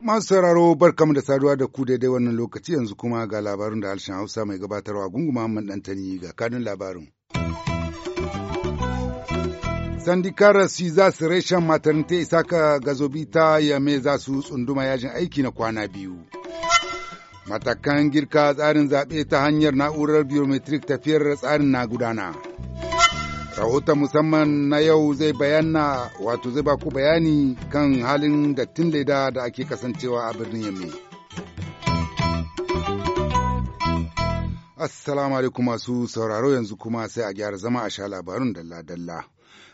masu sauraro barkamu da saduwa da ku daidai wannan lokaci yanzu kuma ga labarin da harshen hausa mai gabatarwa gungu muhammad dantani ga kanun labarin sandikar si za su reshen ka gazobi ta yame za su tsunduma yajin aiki na kwana biyu matakan girka tsarin zaɓe ta hanyar na'urar biometric tafiyar tsarin na gudana rahoton musamman na yau zai bayyana wato zai baku bayani kan halin dattin leda da ake kasancewa a birnin yamme assalamu alaikum masu sauraro yanzu kuma sai a gyara zama a sha labarun dalla-dalla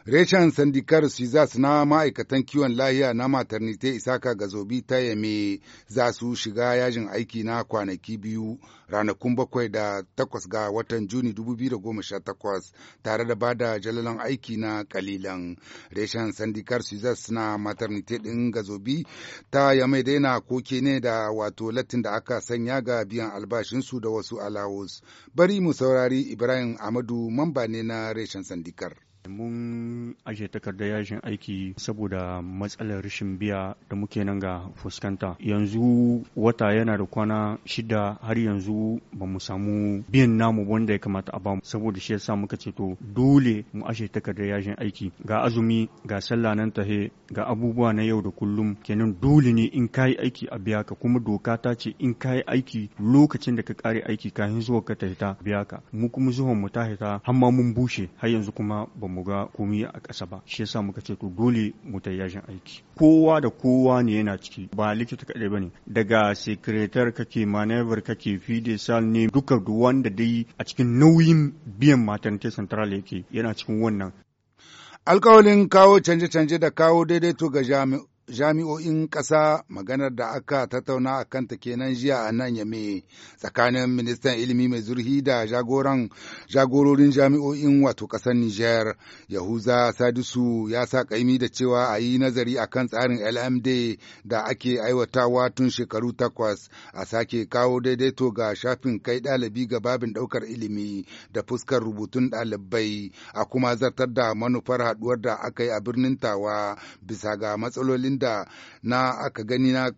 Reshen sandikar Suizas na ma'aikatan kiwon lahiya na maternite Isaka Gazobi ta Yame za su shiga yajin aiki na kwanaki biyu ranakun bakwai da takwas ga watan Juni 2018 tare da bada jalalan aiki na kalilan. Reshen sandikar Suizas na maternite ɗin Gazobi ta Yame daina koke ne da wato latin da aka sanya ga biyan albashinsu da wasu alawus. Bari mu saurari Ibrahim Amadu mamba ne na reshen sandikar. Mun aje takardar yajin aiki saboda matsalar rashin biya da muke nan ga fuskanta. Yanzu wata yana da kwana shida har yanzu ba mu samu biyan namu wanda ya kamata a bamu saboda shi yasa muka ce to dole mu aje takardar yajin aiki. Ga azumi, ga sallah nan tahe, ga abubuwa na yau da kullum kenan dole ne in kayi aiki a biya ka kuma doka ta ce in kayi aiki lokacin da ka kare aiki kafin zuwa ka ta biya ka. Mu kuma zuwan mu ta hita har ma mun bushe har yanzu kuma ba mu ga komai a ƙasa ba shi yasa muka ce to dole mu ta yajin aiki kowa da kowa ne yana ciki ba likita kaɗai bane daga sekretar kake manevar kake fide sal ne duka wanda dai a cikin nauyin biyan matan te central yake yana cikin wannan Alƙawalin kawo canje-canje da kawo daidaito ga jami'u jami'o'in ƙasa maganar da aka tattauna a kanta kenan jiya a nan yame tsakanin ministan ilimi mai zurhi da jagoran jagororin jami'o'in wato ƙasar Nijar Yahuza Sadisu ya sa ƙaimi da cewa a yi nazari a kan tsarin LMD da ake aiwatawa tun shekaru takwas a sake kawo daidaito ga shafin kai ɗalibi ga babin ɗaukar ilimi da fuskar rubutun ɗalibai a kuma zartar da manufar haɗuwar da aka yi a birnin Tawa bisa ga matsalolin abin da na aka gani na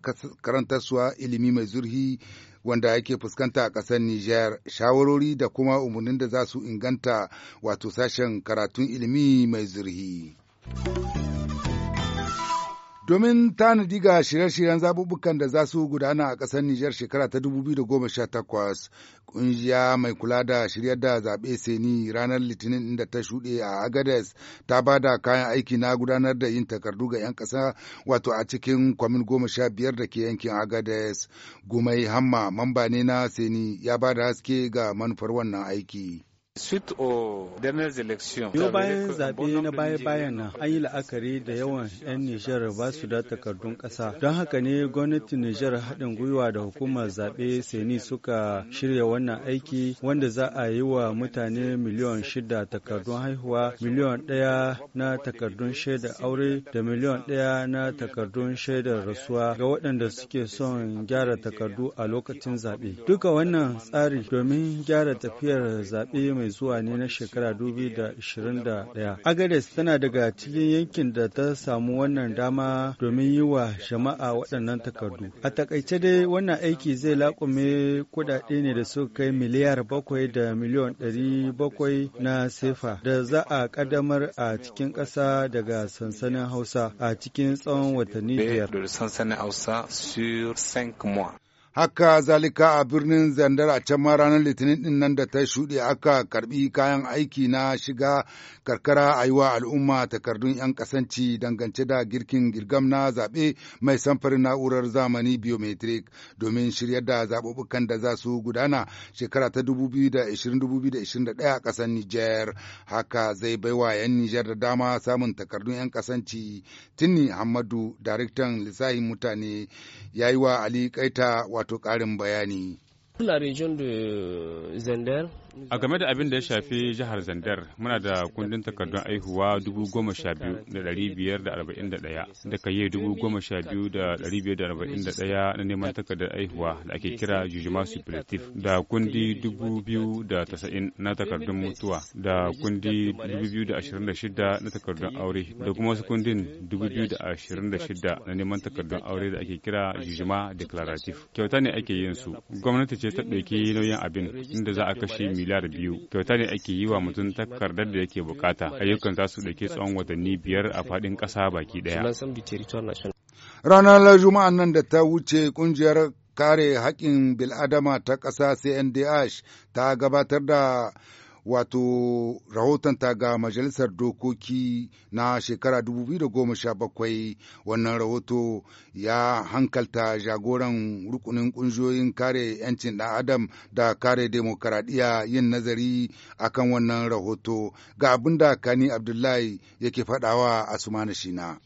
karantarsuwa ilimi mai zurhi wanda yake fuskanta a ƙasar Nijar shawarori da kuma umarnin da za su inganta wato sashen karatun ilimi mai zurhi. domin tanadi ga shirye-shiryen zaɓuɓɓukan da za su gudana a ƙasar Nijar shekara ta 2018 ƙungiya mai kula da shiryar da zaɓe seni ranar litinin inda ta shuɗe a Agades ta ba da kayan aiki na gudanar da yin takardu ga 'yan ƙasa wato a cikin kwamin goma sha biyar da ke yankin Agades. Gumai Hamma mamba ne na seni ya ba da haske ga manufar wannan aiki. Yau bayan zaɓe na baya-bayan nan an yi la'akari da yawan 'yan Nijar ba su da takardun ƙasa. Don haka ne gwamnatin Nijar haɗin gwiwa da hukumar zaɓe Seni suka shirya wannan aiki wanda za a yi wa mutane miliyon shida takardun haihuwa, miliyon ɗaya na takardun shaidar aure da miliyon ɗaya na takardun shaidar rasuwa ga waɗanda suke son gyara takardu a lokacin zaɓe. Duka wannan tsari domin gyara tafiyar zaɓe mai mai zuwa ne na shekara 2021. Agares tana daga cikin yankin da ta samu wannan dama domin yi wa jama'a waɗannan takardu. A takaice dai wannan aiki zai laƙume kuɗaɗe ne da suka kai miliyar bakwai da miliyon ɗari bakwai na sefa da za a ƙaddamar a cikin ƙasa daga sansanin Hausa a cikin tsawon watanni biyar. haka zalika a birnin zandar a can ma ranar litinin din nan da ta shuɗe aka karbi kayan aiki na shiga karkara a yi wa al'umma takardun 'yan kasanci dangance da girkin girgam na zaɓe mai samfarin na'urar zamani biometric domin shirya da zaɓuɓɓukan da za su gudana shekara ta 2020-2021 a ƙasar Nijar haka zai bai wa 'yan Nijar da dama samun takardun 'yan kasanci Tinni Hamadu daraktan lissahin mutane ya yi wa Ali Kaita wato ƙarin bayani. La région de Zender A game da abin da ya shafi jihar Zandar, muna da kundin takardun aihuwa 12,541 da kaye 12,541 na neman takardar aihuwa da ake kira jujuma suppletif da kundi 2,090 na takardun mutuwa da kundi 2,026 na takardun aure da kuma wasu kundin 2,026 na neman takardun aure da ake kira jujuma declarative Kyauta ne ake yin su. Gwamnati ce ta ɗauki nauyin abin inda za a kashe miliyan da biyu kyauta ne ake yi wa mutum takardar da yake bukata ayyukan za su ɗauki tsawon watanni biyar a faɗin ƙasa baki ɗaya ranar juma'an nan da ta wuce kungiyar kare haƙƙin bil'adama ta ƙasa cndh ta gabatar da wato rahoton ta ga Majalisar Dokoki na shekara 2017 wannan rahoto ya hankalta jagoran rukunin ƙungiyoyin kare 'yancin ɗan adam da kare demokaradiyya yin nazari akan wannan rahoto ga abinda Kani Abdullahi yake faɗawa a Sumana Shina.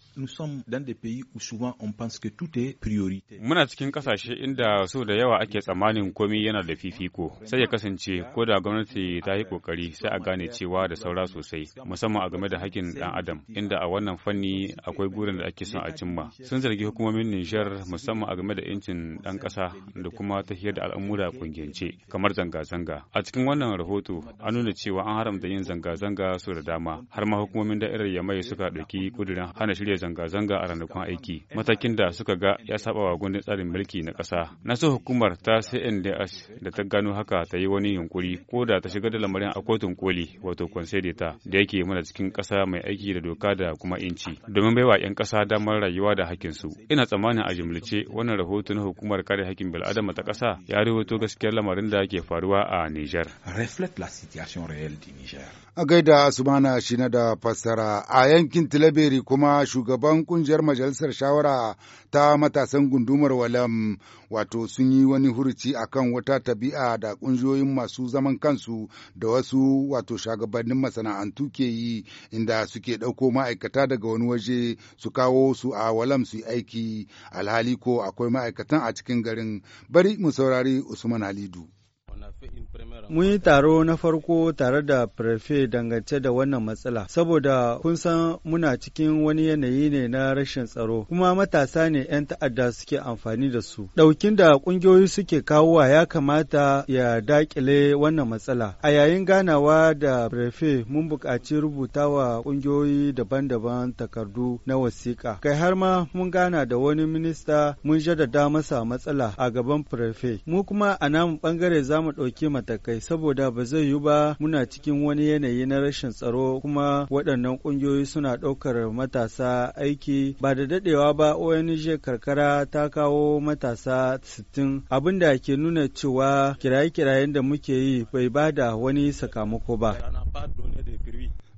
Muna cikin kasashe inda so da yawa ake tsammanin komi yana da fifiko, sai ya kasance ko da gwamnati ta yi kokari sai a gane cewa da saura sosai, musamman a game da hakkin ɗan adam, inda a wannan fanni akwai gurin da ake son a cimma. Sun zargi hukumomin Nijar musamman a game da 'yancin dan kasa da kuma tafiyar da al'amura kungiyance, kamar zanga-zanga. A cikin wannan rahoto an nuna cewa an haramta yin zanga-zanga so da dama, har ma hukumomin da'irar Yamai suka ɗauki kudirin hana shirya zanga-zanga a ranakun aiki matakin da suka ga ya saba wa gundin tsarin mulki na ƙasa na so hukumar ta cnds da ta gano haka ta yi wani yunkuri ko da ta shiga da lamarin a kotun koli wato ta da yake mana cikin ƙasa mai aiki da doka da kuma inci domin baiwa 'yan ƙasa damar rayuwa da su ina tsammanin a jimlice wannan rahoto na hukumar kare hakkin bil'adama ta ƙasa ya rahoto gaskiyar lamarin da ke faruwa a niger. A gaida Asumana shi na da fassara a yankin Tilaberi kuma shugaban shugaban kungiyar majalisar shawara ta matasan gundumar walam wato sun yi wani hurci akan wata tabi'a da kungiyoyin masu zaman kansu da wasu wato shugabannin masana'antu ke yi inda suke ɗauko ma'aikata daga wani waje su kawo su a walam su aiki alhali ko akwai ma'aikatan a cikin garin bari mu saurari usman halidu Mun yi taro na farko tare da prefe dangance da wannan matsala, saboda kun san muna cikin wani yanayi ne na rashin tsaro, kuma matasa ne 'yan ta'adda suke amfani da su. Ɗaukin da ƙungiyoyi suke kawowa ya kamata ya daƙile wannan matsala. A yayin ganawa da prefe mun buƙaci wa ƙungiyoyi daban-daban takardu na wasiƙa. Kai har ma mun gana da wani minista mun jaddada masa matsala a gaban prefe. Mu kuma a namu ɓangare zamu mu ɗauki matakai saboda ba zai yi ba muna cikin wani yanayi na rashin tsaro kuma waɗannan ƙungiyoyi suna ɗaukar matasa aiki ba da daɗewa ba ONG karkara ta kawo matasa 60 abin da ke nuna cewa kiraye-kirayen da muke yi bai ba da wani sakamako ba.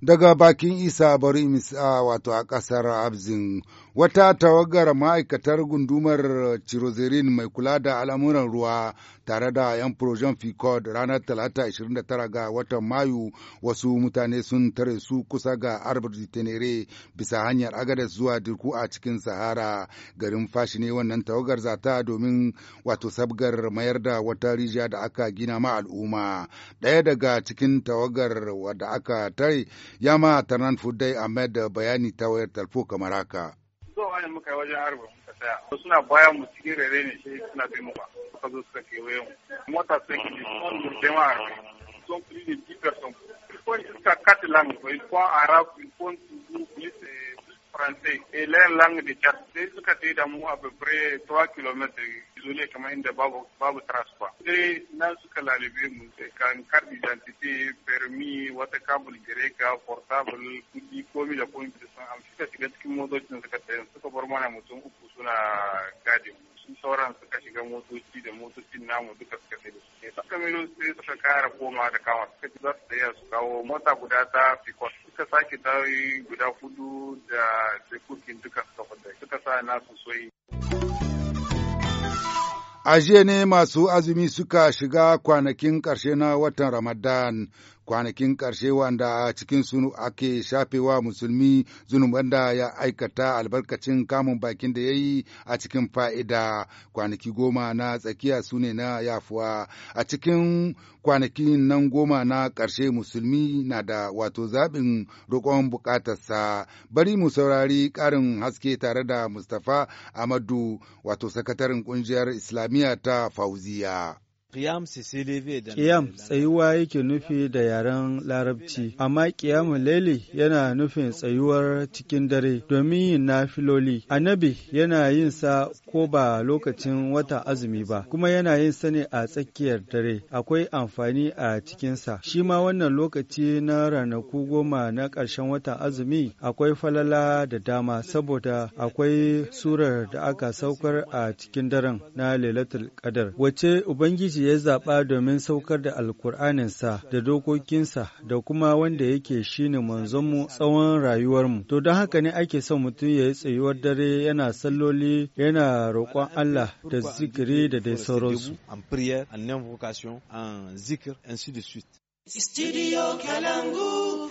daga bakin isa bari misa wato a ƙasar abzin wata tawagar ma'aikatar gundumar cirozerin mai kula da al'amuran ruwa tare da 'yan projen ficod ranar talata 29 ga watan mayu wasu mutane sun tare su kusa ga de tenere bisa hanyar agadas zuwa dirku a cikin sahara garin fashi ne wannan tawagar zata domin wato sabgar mayar da wata rijiya da aka gina ma al'umma ɗaya daga cikin tawagar wadda aka tare ya ma tarnan fudai ahmed bayani ta wayar talfo kamar haka. tsaya suna baya mu cikin rere ne shi suna bi mu ba ka zo suka kewaye mu mota sai ki ji sun murde ma sont plus ko in ka kati faut ko in ko Il ko arabe, il faut toujours plus faransa ilayen eh, lang da chad sai suka tai da mu a près 3 km isolé comme izole kamar inda babu babu transfer sai nan suka lalube mu eh, kan carte d'identité permis wata câble grec, portable dit comme il a pour une kudi komi da c'est da sun amshi suka shiga cikin motocin suka tsaye suka bar mana mutum uku suna gadin mu su sauran suka shiga motoci da motocin namu duka suka sai da su suka milo sai suka kara koma da kama suka ci za su tsaya su kawo mota guda ta fikon suka sake dawoyi guda hudu da tekokin duka suka fada suka sa nasu soyi. A jiya ne masu azumi suka shiga kwanakin ƙarshe na watan Ramadan, kwanakin ƙarshe wanda a cikin sunu ake shafewa musulmi zunuban da ya aikata albarkacin kamun bakin da ya yi a cikin fa'ida kwanaki goma na tsakiya su ne na yafuwa a cikin kwanakin nan goma na ƙarshe musulmi na da wato zaɓin roƙon buƙatarsa bari mu saurari ƙarin haske tare da mustapha amadu wato sakataren ƙungiyar islamiyya ta fauziya. Kiyam e e tsayuwa yake nufi da yaren larabci, amma ƙiyamun laili yana nufin tsayuwar cikin dare domin yin nafiloli. Annabi yana yin sa ko ba lokacin wata azumi ba, kuma yana yin sa ne a tsakiyar dare, akwai amfani a cikinsa. Shi ma wannan lokaci na ranaku goma na ƙarshen wata azumi akwai falala da dama saboda akwai surar da aka saukar a cikin daren na Lailatul Qadar, wace Ubangiji ya zaɓa domin saukar da alkur'aninsa da dokokinsa da kuma wanda yake shi ne manzonmu tsawon rayuwarmu. To don haka ne ake son mutum ya yi tsayuwar dare yana salloli yana roƙon Allah da zikiri da dai sauransu. Studio Kalangu.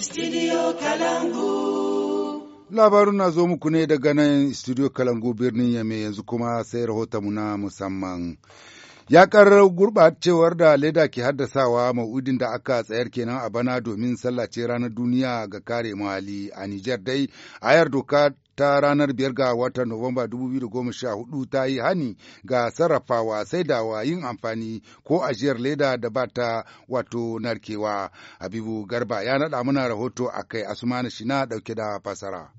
Studio Kalangu. Labarun na zo muku ne daga nan Studio Kalangu birnin Yame yanzu kuma sai rahotonmu na musamman. Yakar gurɓacewar da leda ke haddasawa ma'udin da aka tsayar kenan a bana domin sallace ranar duniya ga kare muhalli a Nijar dai ayar doka ta ranar biyar ga watan Nuwamba 2014 ta yi hani ga sarrafawa saidawa yin amfani ko ajiyar leda da ba ta wato narkewa. Habibu Garba ya naɗa mana rahoto a kai Asumani Shina ɗauke da fasara.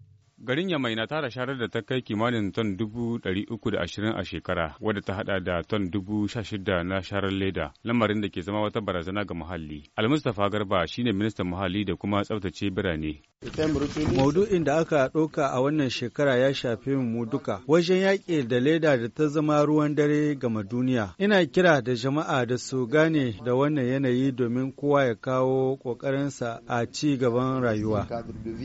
Garin Yamai na tara sharar da ta kai kimanin ton dubu dari uku da ashirin a shekara, wadda ta haɗa da ton dubu sha shida na sharar leda, lamarin da ke zama wata barazana ga muhalli. Almustafa Garba shine ministan muhalli da kuma tsaftace birane. Maudu'in da aka ɗauka a wannan shekara ya shafi mu duka, wajen yaƙi da leda da ta zama ruwan dare gama duniya. Ina kira da jama'a da su gane da wannan yanayi domin kowa ya kawo ƙoƙarinsa a ci gaban rayuwa.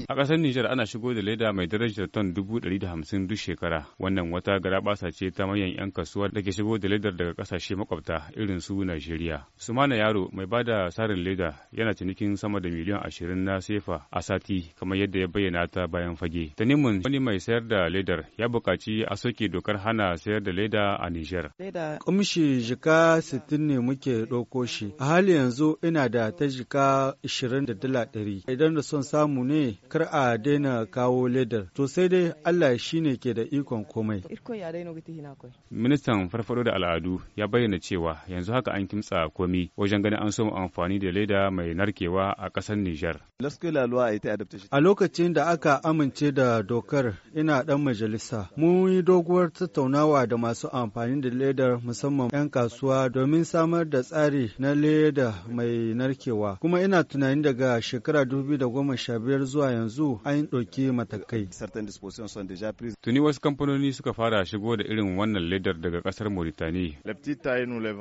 A ƙasar Nijar ana shigo da leda mai darajar ton dubu ɗari da hamsin duk shekara. Wannan wata garaɓasa ce ta manyan 'yan kasuwa da ke shigo da ledar daga ƙasashe makwabta irin su Najeriya. Sumana Yaro mai ba da sarin leda yana cinikin sama da miliyan ashirin na sefa a sati kamar yadda ya bayyana ta bayan fage. Tanimun wani mai sayar da ledar ya buƙaci a soke dokar hana sayar da leda a Nijar. Kamshi jika sittin ne muke ɗauko shi. A hali yanzu ina da ta jika ishirin da dala ɗari. Idan da son samu ne kar a daina kawo ledar. Nijar. To sai dai Allah shi ne ke da ikon komai. Ministan farfado da al'adu ya bayyana cewa yanzu haka an kimtsa komi wajen ganin an so amfani da leda mai narkewa a ƙasar Nijar. A lokacin da aka amince da dokar ina ɗan majalisa, mun yi doguwar tattaunawa da masu amfani da ledar musamman 'yan kasuwa domin samar da tsari na leda mai narkewa. Kuma ina tunanin daga shekara 2015 zuwa yanzu an ɗauki matakai. kai. Tuni wasu kamfanoni suka fara shigo da irin wannan ledar daga kasar Mauritani.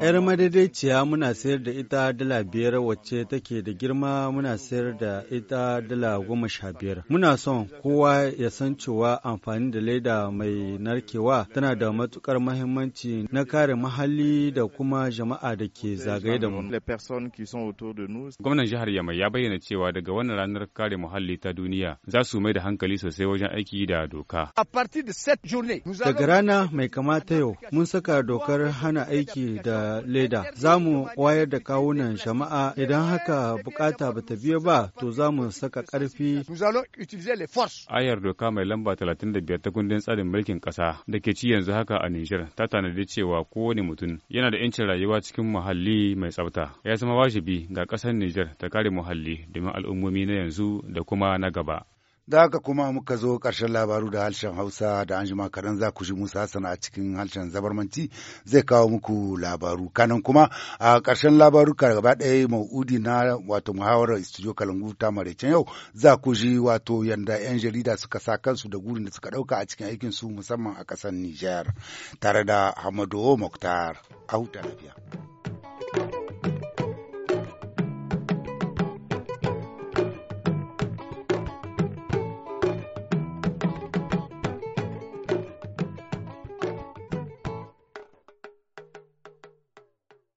Yar madaidaiciya muna sayar da ita dala biyar wacce take da girma muna sayar da ita dala goma sha biyar. Muna son kowa ya san cewa amfani da leda mai narkewa tana da matukar mahimmanci na kare muhalli da kuma jama'a da ke zagaye da mu. Gwamnan jihar Yamai ya bayyana cewa daga wannan ranar kare muhalli ta duniya za su mai da hankali sosai wajen aiki da doka. Daga rana mai kamata yau mun saka dokar hana aiki da leda. Za mu wayar da kawunan jama'a idan haka bukata ba ta biya ba to za mu saka ƙarfi. Ayar doka mai lamba 35 ta kundin tsarin mulkin ƙasa da ke ci yanzu haka a Nijar ta tanadi cewa kowane mutum yana da 'yancin rayuwa cikin muhalli mai tsafta. Ya zama wajibi ga ƙasar Nijar ta kare muhalli domin al'ummomi na yanzu da kuma na gaba. Da haka kuma muka zo ƙarshen labaru da harshen Hausa da anjima kaɗan za ku ji Musa sana a cikin harshen zabarmanci zai kawo muku labaru. Kanan kuma a ƙarshen labaru gaba ɗaya ma'udi na wato muhawarar studio Kalangu ta maraicen yau za ku ji wato yanda 'yan jarida suka sa kansu da gurin da suka ɗauka a cikin aikin su musamman a ƙasar Nijar tare da Hamadu Muktar. A huta lafiya.